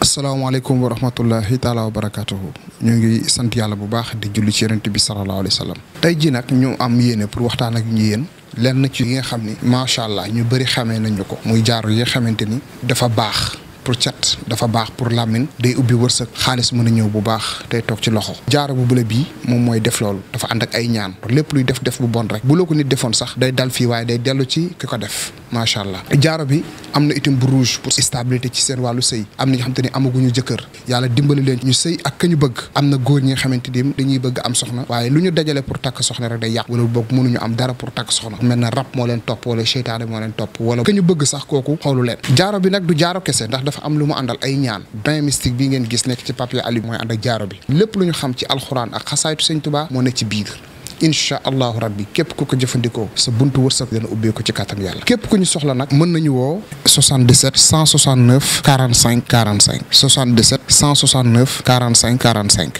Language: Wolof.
asalaamaaleykum wa rahmatullahi taala wa barakatuhu ñu ngi sant yàlla bu baax di julli ci yonent bi sallallahu alayhi wa tey ji nag ñu am yéene pour waxtaan ak ñu yéen lenn ci yi nga xam ni macha allah ñu bëri xamee nañu ko muy jaaru yi xamante ni dafa baax pour cat dafa baax pour làmmiñ day ubbi wërsëg xaalis mën a ñëw bu baax tey toog ci loxo jaaro bu bula bii moom mooy def loolu dafa ànd ak ay ñaan lépp luy def def bu bon rek bu loo ko nit defoon sax day dal fii waaye day dellu ci ki ko def macha allah jaaro bi am na itam bu rouge pour stabilité ci seen wàllu sëy am na ñoo xamante ni amaguñu jëkkër yàlla dimbali leen ñu sëy ak ka ñu bëgg am na góor ñi nga xamante ni dañuy bëgg am soxna waaye lu ñu dajale pour takk soxna rek day yàq wala boog mënuñu am dara pour takk soxna mel na rab moo leen topp wala seytaane moo leen topp wala ka ñu bëgg sax kooku xoolu leen jaaro bi nag du jaaro kese ndax dafa am lu mu àndal ay ñaan bain bi ngeen gis nekk ci papier ali mooy bi lépp lu ñu xam ci alxuraan ak xasaaytu sëñ Tuubaa moo ne ci biir incha allahu rabbi képp ku ko jëfandikoo sa buntu wërsëg dana ubbeeku ci kàttan yàlla képp ku ñu soxla nag mën nañu woo 77 169 45 45 77 169 45 45